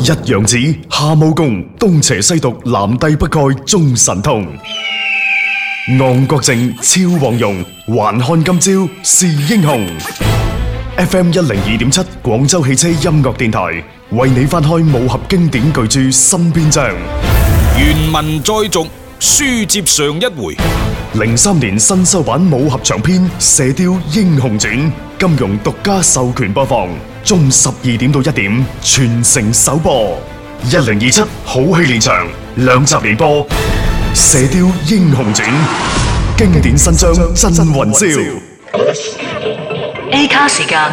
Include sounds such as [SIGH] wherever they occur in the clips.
一楊子，夏武功，東邪西毒，南帝北丐，中神通。 [NOISE] 岸國正，超黃蓉，還看今朝是英雄。 [NOISE] FM 一零二點七，廣州汽車音樂電台，為你翻開武俠經典巨著《新篇章》。原文再續。書接上一回，零三年新修版武俠長篇《射雕英雄傳》，金庸獨家授權播放，中午十二點到一點全城首播，一零二七好戲連場，兩集連播《射雕英雄傳》，經典新章真雲霄。A 咖時間。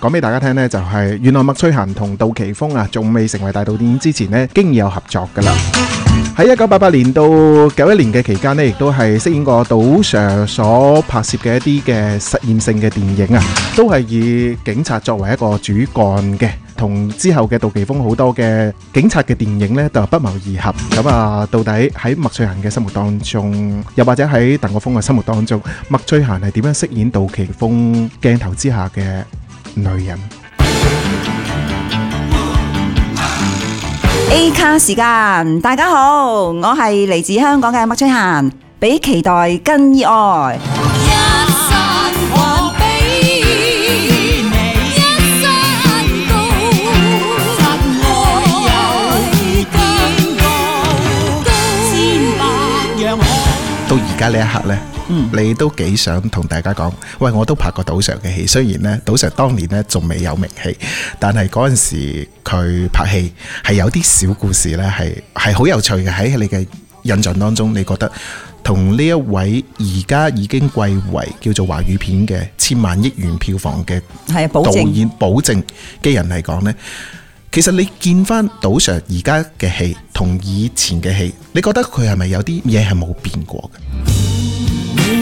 講俾大家聽咧，就係原來麥翠嫻同杜琪峯啊，仲未成為大導電影之前咧，經已有合作噶啦。喺一九八八年到九一年嘅期間咧，亦都係飾演過杜 Sir 所拍攝嘅一啲嘅實驗性嘅電影啊，都係以警察作為一個主幹嘅，同之後嘅杜琪峯好多嘅警察嘅電影咧就不謀而合。咁啊，到底喺麥翠嫻嘅生活當中，又或者喺鄧國峯嘅生活當中，麥翠嫻係點樣飾演杜琪峯鏡頭之下嘅？女人 A 卡時間，大家好，我係嚟自香港嘅麥翠嫻，比期待更意外。到而家呢一刻咧？嗯、你都幾想同大家講，喂，我都拍過杜 Sir 嘅戲，雖然呢，杜 Sir 當年咧仲未有名氣，但係嗰陣時佢拍戲係有啲小故事呢係係好有趣嘅。喺你嘅印象當中，你覺得同呢一位而家已經貴為叫做華語片嘅千萬億元票房嘅係導演、啊、保證嘅人嚟講呢，其實你見翻杜 Sir 而家嘅戲同以前嘅戲，你覺得佢係咪有啲嘢係冇變過嘅？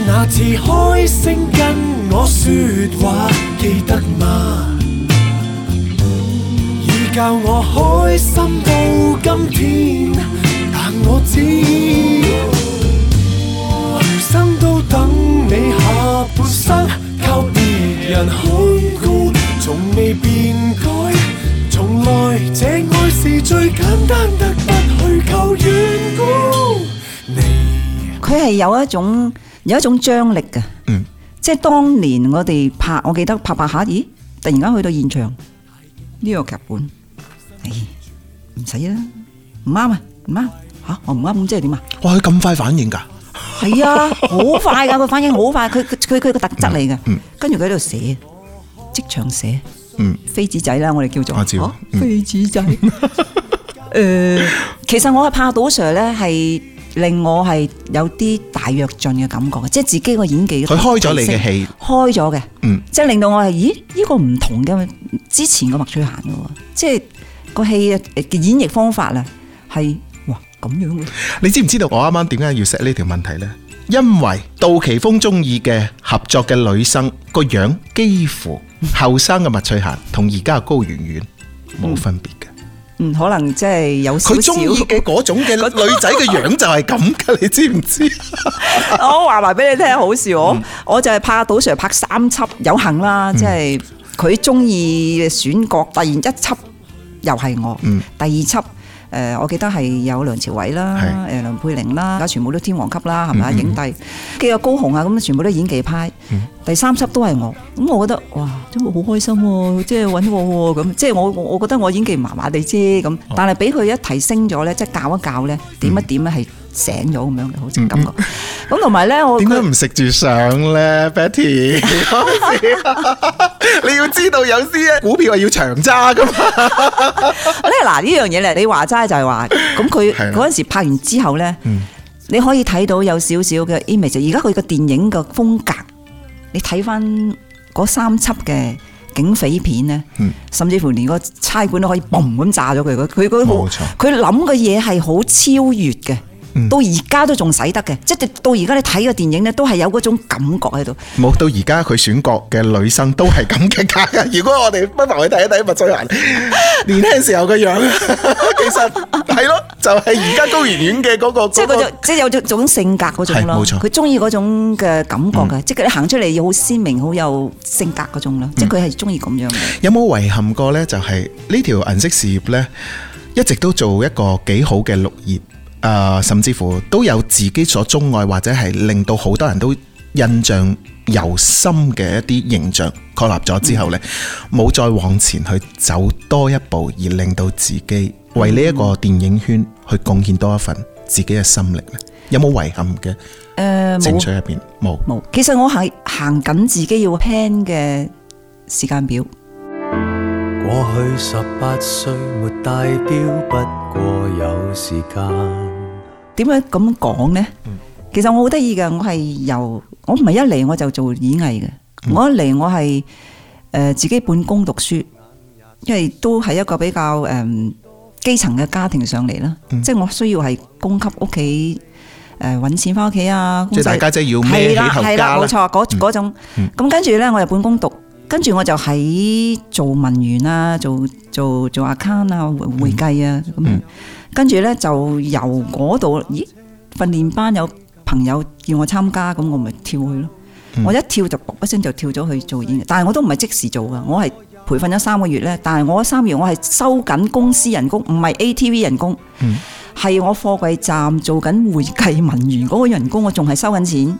那次開聲跟我説話，記得嗎？已教我開心到今天，但我知，餘生都等你下半生，靠別人看顧，從未變改，從來這愛是最簡單得不去求緣故，你佢係有一種。有一種張力嘅，嗯、即係當年我哋拍，我記得拍拍下，咦，突然間去到現場，呢、這個劇本，哎，唔使啦，唔啱啊，唔啱，吓、啊，我唔啱咁即係點啊？哇，佢咁快反應噶？係啊，好快噶，佢反應好快，佢佢佢個特質嚟嘅，嗯、跟住佢喺度寫，即場寫，嗯，飛紙仔啦，我哋叫做，飛紙仔，誒、 [LAUGHS] 呃，其實我係怕杜 Sir 咧係。令我係有啲大躍進嘅感覺，即係自己個演技，佢開咗你嘅戲，開咗嘅，嗯，即係令到我係，咦，呢個唔同嘅之前嘅麥翠嫻嘅，即係個戲嘅演繹方法咧，係哇咁樣嘅。你知唔知道我啱啱點解要 set 呢條問題咧？因為杜琪峰中意嘅合作嘅女生個樣，幾乎後生嘅麥翠嫻同而家嘅高圓圓冇分別嘅。嗯嗯，可能即係有少少。佢中意嘅嗰種嘅女仔嘅樣子就係咁噶， [LAUGHS] 你知唔知道？ [LAUGHS] 我話埋俾你聽，好笑。我、嗯、我就係怕賭 Sir 拍三輯有幸啦，嗯、即係佢中意選角，突然一輯又係我，嗯、第二輯。誒、呃，我記得係有梁朝偉啦，誒是、呃、梁佩玲啦，而家全部都天王級啦，係咪啊影帝？跟住有高雄啊，咁全部都演技派。Mm hmm. 第三輯都係我，咁我覺得哇，真係好開心喎、啊！即係揾我喎、啊，咁即係我我，我覺得我演技麻麻地啫，咁但係俾佢一提升咗咧，即、就、係、是、教一教咧，點一點咧係醒咗咁、mm hmm. 樣嘅，好似感覺。Mm hmm. 咁同埋咧，我點解唔食住相咧，Betty？ [LAUGHS] [LAUGHS] 你要知道有啲股票係要長揸噶嘛？咧 [LAUGHS] 嗱、 [LAUGHS] 就是，呢樣嘢咧，你話齋就係話，咁佢嗰陣時拍完之後咧，嗯、你可以睇到有少少嘅 image。而家佢個電影個風格，你睇翻嗰三輯嘅警匪片咧，嗯、甚至乎連個差館都可以嘣咁、嗯、炸咗佢。佢佢佢諗嘅嘢係好超越嘅。到而家都仲使得嘅，即係到而家你睇個電影咧，都係有嗰種感覺喺度。冇到而家佢選角嘅女生都係咁嘅架嘅。如果我哋不妨去睇一睇麥翠嫻年輕時候嘅樣，其實係咯，就係而家高圓圓嘅嗰個即係種，即係有種性格嗰種咯。冇錯，佢中意嗰種嘅感覺嘅，即係佢行出嚟要好鮮明、好有性格嗰種咯。即係佢係中意咁樣嘅。有冇遺憾過咧？就係呢條銀色事業咧，一直都做一個幾好嘅綠葉。啊，甚至乎都有自己所鍾愛或者係令到好多人都印象尤深嘅一啲形象確立咗之後呢，冇、嗯、再往前去走多一步，而令到自己為呢一個電影圈去貢獻多一份自己嘅心力咧，嗯、有冇遺憾嘅？誒、呃，情緒入邊冇冇。有其實我係行緊自己要 plan 嘅時間表。過去十八歲沒帶表，不過有時間。點樣咁講？呢其實我好得意嘅，我係由我唔係一嚟我就做演藝嘅。嗯、我一嚟我係誒自己半工讀書，因為都係一個比較誒基層嘅家庭上嚟啦，嗯、即係我需要係供給屋企誒搵錢翻屋企啊。即係大家姐要孭起頭家啦。係啦，係啦，冇錯，嗰嗰、嗯、種。咁、嗯嗯、跟住咧，我又半工讀，跟住我就喺做文員啊，做做做 account 啊，會會計啊咁。嗯嗯跟住呢就由嗰度，咦？訓練班有朋友叫我參加，咁我咪跳去咯。我一跳就噗一聲就跳咗去做演員。但係我都唔係即時做㗎，我係培訓咗三個月呢。但係我三個月我係收緊公司人工，唔係 ATV 人工，係我貨櫃站做緊會計文員嗰個人工，我仲係收緊錢。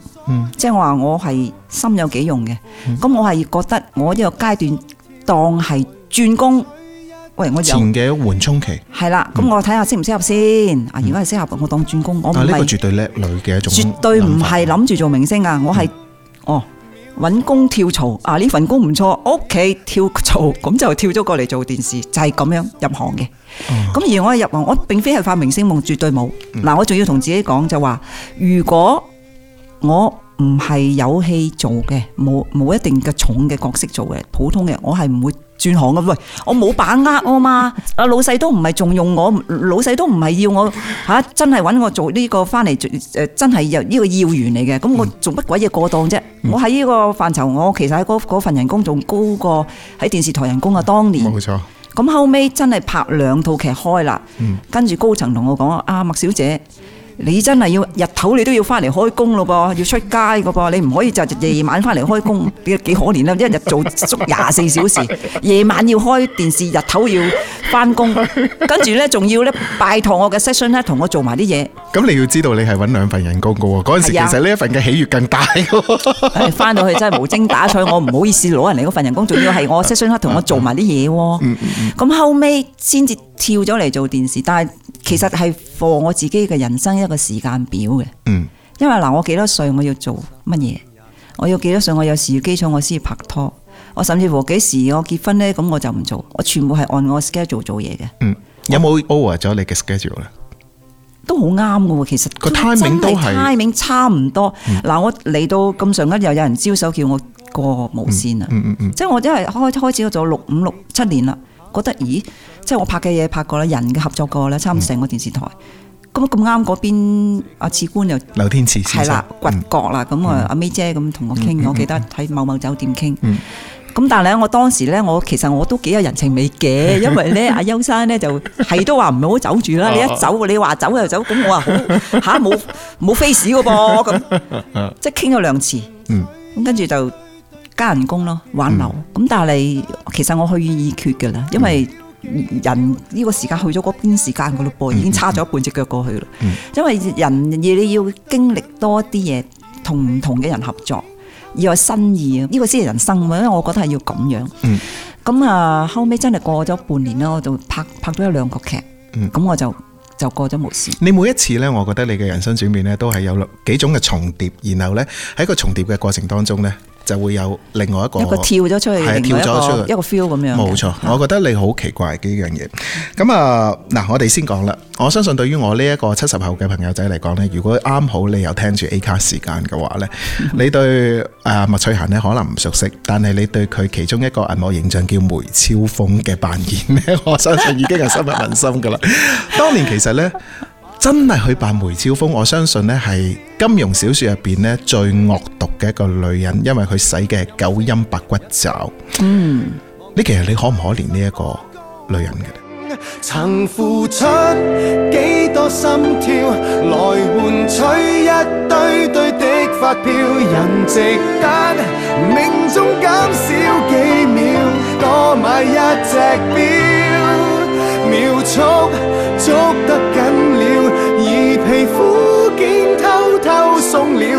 即係我話我係心有幾用嘅。咁我係覺得我呢個階段當係轉工。喂，我前嘅緩衝期係啦，咁我睇下適唔適合先。啊，如果係適合，我當轉工。我唔係，啊，呢個絕對叻女嘅一種，絕對唔係諗住做明星啊！我係哦，搵工跳槽啊，呢份工唔錯，屋企跳槽咁就跳咗過嚟做電視，就係咁樣入行嘅。咁而我係入行，我並非係發明星夢，絕對冇。嗱，我仲要同自己講就話，如果我。唔係有戲做嘅，冇冇一定嘅重嘅角色做嘅，普通嘅，我係唔會轉行嘅。喂，我冇把握啊嘛，阿 [LAUGHS] 老細都唔係重用我，老細都唔係要我吓、啊，真係揾我做呢、呢個翻嚟，誒、呃、真係有呢個要員嚟嘅。咁我做乜鬼嘢過檔啫？嗯、我喺呢個範疇，我其實喺嗰份人工仲高過喺電視台人工啊。當年冇錯。咁後尾真係拍兩套劇開啦，跟住高層同我講啊，麥小姐。你真係要日頭，你都要翻嚟開工咯噃，要出街嘅噃，你唔可以就夜晚翻嚟開工，幾幾可憐啦！一日做足廿四小時，夜晚要開電視，日頭要翻工，跟住咧仲要咧拜託我嘅 session 咧，同我做埋啲嘢。咁你要知道，你係搵兩份人工噶喎。嗰陣時其實呢一份嘅喜悦更大。翻到去真係無精打采，我唔好意思攞人嚟嗰份人工，仲要係我 session 咧同我做埋啲嘢。咁後尾先至跳咗嚟做電視，但係。其實係放我自己嘅人生一個時間表嘅，嗯、因為嗱，我幾多歲我要做乜嘢，我要幾多歲我有時要基礎，我先要拍拖，我甚至乎幾時我結婚咧，咁我就唔做，我全部係按我 schedule 做嘢嘅、嗯。有冇 over 咗你嘅 schedule 咧？都好啱㗎喎，其實個 timing 都係 timing 差唔多。嗱、嗯，我嚟到咁上一又有人招手叫我過無綫啊，嗯嗯嗯嗯、即係我真係開開始咗六五六七年啦，覺得咦？即係我拍嘅嘢拍過啦，人嘅合作過啦，差唔多成個電視台。咁咁啱嗰邊阿次官又劉天賜先生，係啦，掘角啦。咁啊，阿 May 姐咁同我傾，我記得喺某某酒店傾。咁但係咧，我當時咧，我其實我都幾有人情味嘅，因為咧，阿優生咧就係都話唔好走住啦。你一走，你話走就走，咁我話吓冇冇 face 嘅噃咁，即係傾咗兩次。咁跟住就加人工咯，挽留。咁但係其實我去意已決嘅啦，因為。人呢個時間去咗嗰邊時間噶咯噃，嗯、已經差咗半隻腳過去啦。嗯、因為人要你要經歷多啲嘢，同唔同嘅人合作，要有新意啊！呢、呢個先係人生嘛，因為我覺得係要咁樣。咁啊、嗯，後尾真係過咗半年啦，我就拍拍咗一兩個劇。嗯，咁我就就過咗無線。你每一次咧，我覺得你嘅人生轉變咧，都係有幾種嘅重疊，然後咧喺個重疊嘅過程當中咧。就會有另外一個一個跳咗出去，係啊，跳咗出去一個 feel 咁樣。冇錯，我覺得你好奇怪嘅呢樣嘢。咁啊嗱，我哋先講啦。我相信對於我呢一個七十後嘅朋友仔嚟講咧，如果啱好你有聽住 A 咖時間嘅話咧，你對啊麥翠嫻咧可能唔熟悉，但係你對佢其中一個銀幕形象叫梅超風嘅扮演咧，我相信已經係深入民心噶啦。當年其實咧。真係去扮梅超風，我相信咧係金庸小說入邊咧最惡毒嘅一個女人，因為佢使嘅九陰白骨爪。嗯，你其實你可唔可憐呢一個女人嘅咧？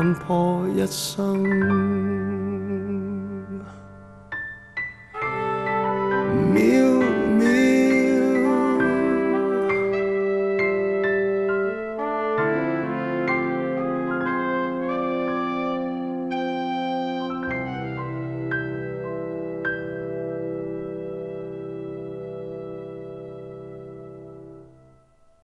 看破一生。